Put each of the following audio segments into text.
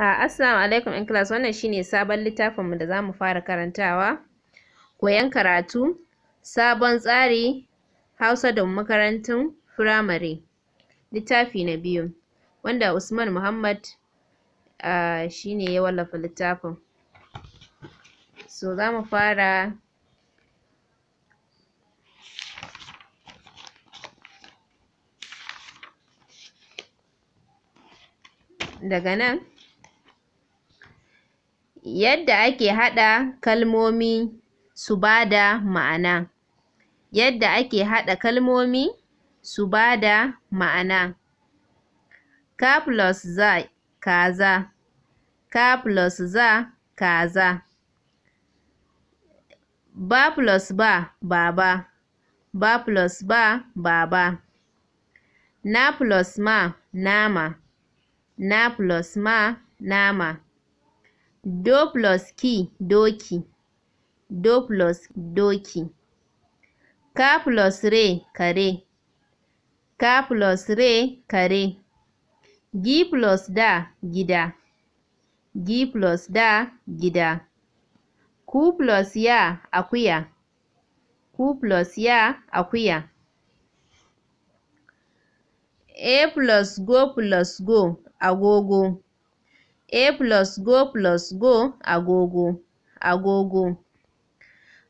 Assalamu alaikum ‘yan class wannan shine sabon littafinmu da za mu fara karantawa koyon karatu sabon tsari Hausa da makarantun firamare littafi na biyu wanda Usman Muhammad uh, shine ya wallafa littafin so za mu fara daga nan yadda ake haɗa kalmomi su bada ma'ana yadda ake haɗa kalmomi su bada ma'ana ka plus za kaza ka plus za kaza ba plus ba baba ba plus ba baba na plus ma nama na plus ma nama “Douglas Doki” (Douglas Doki), “Ka plus Ray Kare” (Ka plus re Kare), ka plus re kare gi plus da Gida” gi plus da Gida), ku plus ya Akuya ku plus ya Akuya), A plus Go plus Go (Agogo) A plus go plus go agogo agogo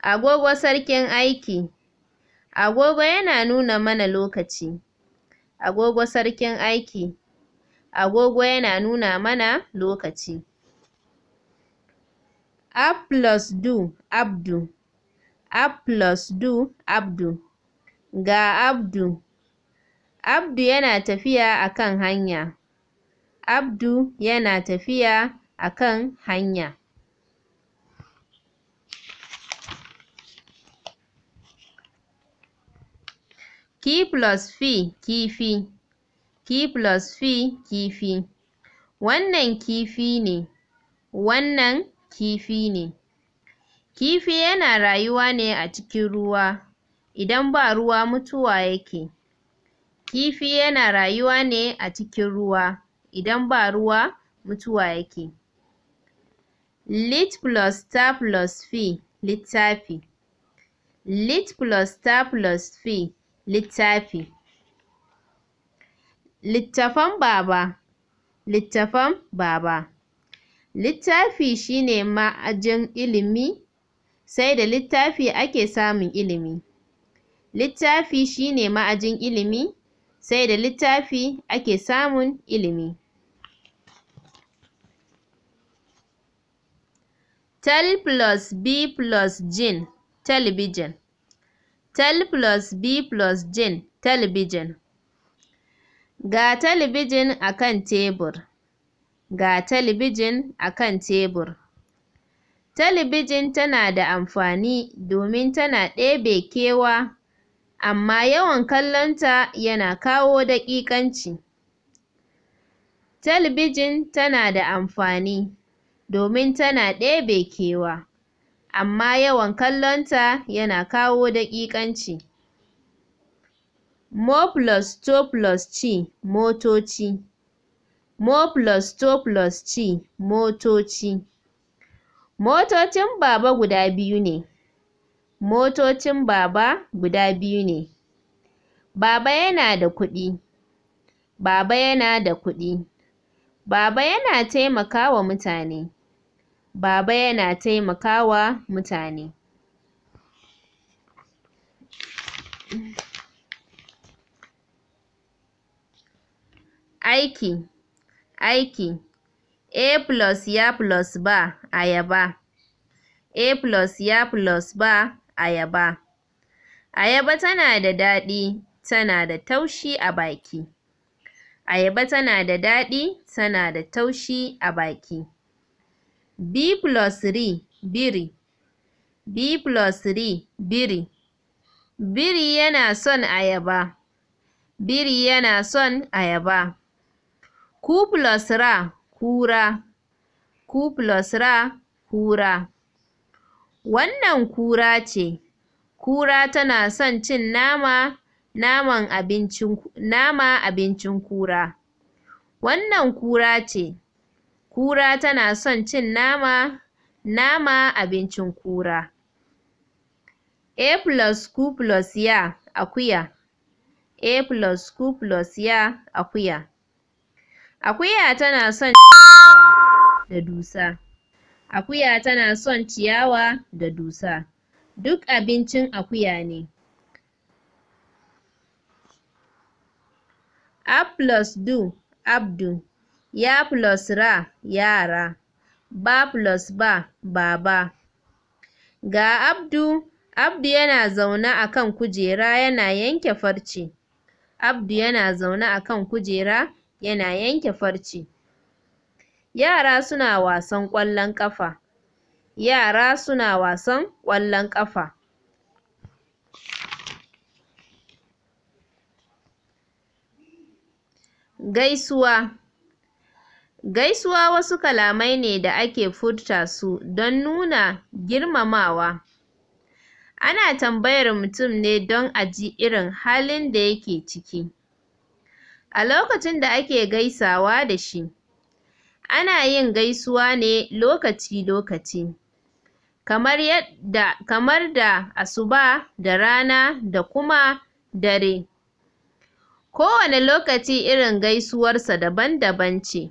agogo sarkin aiki agogo yana nuna mana lokaci agogo sarkin aiki agogo yana nuna mana lokaci A plus do Abdu A plus do Abdu ga Abdu Abdu yana tafiya a kan hanya Abdu yana tafiya a kan hanya. plus fi kifi plus fi kifi wannan kifi ne wannan kifi ne kifi yana rayuwa ne a cikin ruwa idan ba ruwa mutuwa yake kifi yana rayuwa ne a cikin ruwa idan ba ruwa mutuwa yake lit plus ta plus fi littafi lit plus ta plus fi littafi littafan baba littafan baba littafi shine ma'ajin ilimi sai da littafi ake samun ilimi littafi shine ma'ajin ilimi sai da littafi ake samun ilimi Tel plus B plus jin Television Tal plus B plus Television Ga talbijin a kan tebur. Ga talabijin a kan tebur. Talabijin tana da amfani domin tana ɗebe kewa, amma yawan kallonta yana kawo daƙiƙanci. Talbijin tana da amfani. domin tana ɗebe kewa, amma yawan kallonta yana kawo daƙiƙanci. MUX+2+C Motoci Motoci Motocin Baba guda biyu ne. Motocin Baba guda biyu ne. Baba yana da kuɗi. Baba yana da kuɗi. Baba yana taimakawa mutane. Baba yana taimakawa mutane. Aiki aiki A plus ya plus ba yaba. A plus ya plus ba ayaba Ayaba tana da daɗi tana da taushi a baki. Ayaba tana da daɗi tana da taushi a baki. B plus ri biri B plus ri biri Biri yana son ayaba Biri yana son ayaba Q plus ra kura Q plus ra kura Wannan kura ce Kura tana son cin nama naman abincin nama abincin kura Wannan kura ce Kura tana son cin nama. Nama abincin kura. A plus Q plus Y akuya. A plus Q plus Y akuya. Akuya tana son da dusa. Akuya tana son ciyawa da dusa. Duk abincin akuya ne. A plus do, Abdu. Ya plus ra yara, ba plus ba baba. Ga Abdu, Abdu yana zaune a kan kujera yana yanke farce. Abdu yana zaune a kan kujera yana yanke farce. Yara suna wasan ƙwallon ƙafa. Yara suna wasan ƙwallon ƙafa. Gaisuwa. Gaisuwa wasu kalamai ne da ake furta su don nuna girmamawa, ana tambayar mutum ne don a ji irin halin da yake ciki a lokacin da ake gaisawa da shi. Ana yin gaisuwa ne lokaci-lokaci, kamar yadda kamar da asuba da rana da kuma dare, kowane lokaci irin gaisuwarsa daban-daban ce.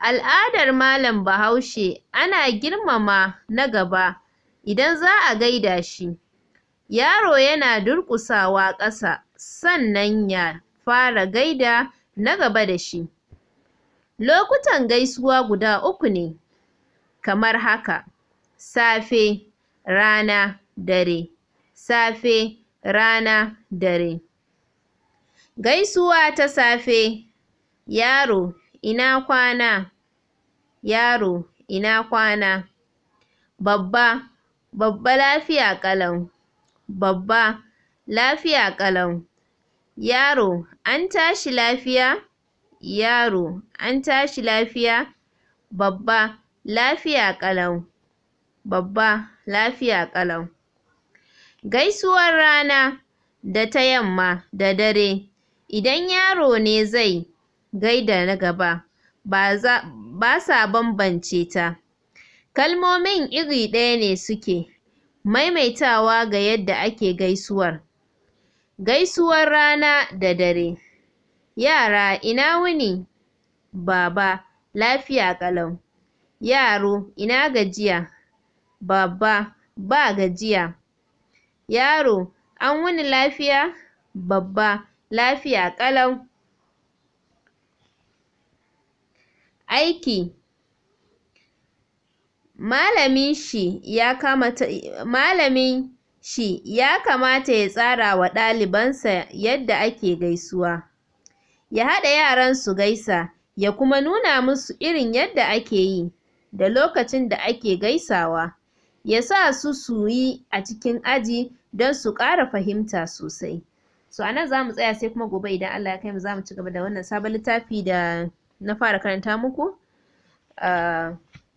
Al'adar malam Bahaushe ana girmama na gaba idan za a gaida shi. Yaro yana durƙusawa ƙasa sannan ya fara gaida na gaba da shi. Lokutan gaisuwa guda uku ne kamar haka: safe, rana, dare. Safe, rana, dare. Gaisuwa ta safe, yaro ina kwana yaro ina kwana babba babba lafiya ƙalau babba lafiya ƙalau yaro an tashi lafiya yaro an tashi lafiya babba lafiya ƙalau babba lafiya ƙalau gaisuwar rana da ta yamma da dare idan yaro ne zai gaida na gaba ba sa bambance ta kalmomin iri ɗaya ne suke maimaitawa ga yadda ake gaisuwar gaisuwar rana da dare yara ina wuni baba lafiya ƙalau yaro ina gajiya Baba, ba gajiya yaro an wuni lafiya babba lafiya ƙalau aiki malamin shi ya kamata ya tsara wa ɗalibansa yadda ake gaisuwa, ya haɗa yaran su gaisa, ya kuma nuna musu irin yadda ake yi, da lokacin da ake gaisawa, ya sa su suyi a cikin aji don su ƙara fahimta sosai. So anan zamu tsaya sai kuma gobe idan Allah ya kaimu zamu cigaba da wannan sabon littafi da na fara karanta muku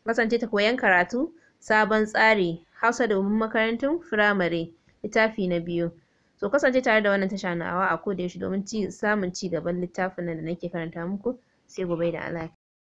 kasance ta koyan karatu sabon tsari hausa domin makarantun firamare littafi na biyu so kasance tare da wannan tasha na'awa a koda yaushe domin samun ci gaban littafin nan da nake karanta muku sai gobe da Allah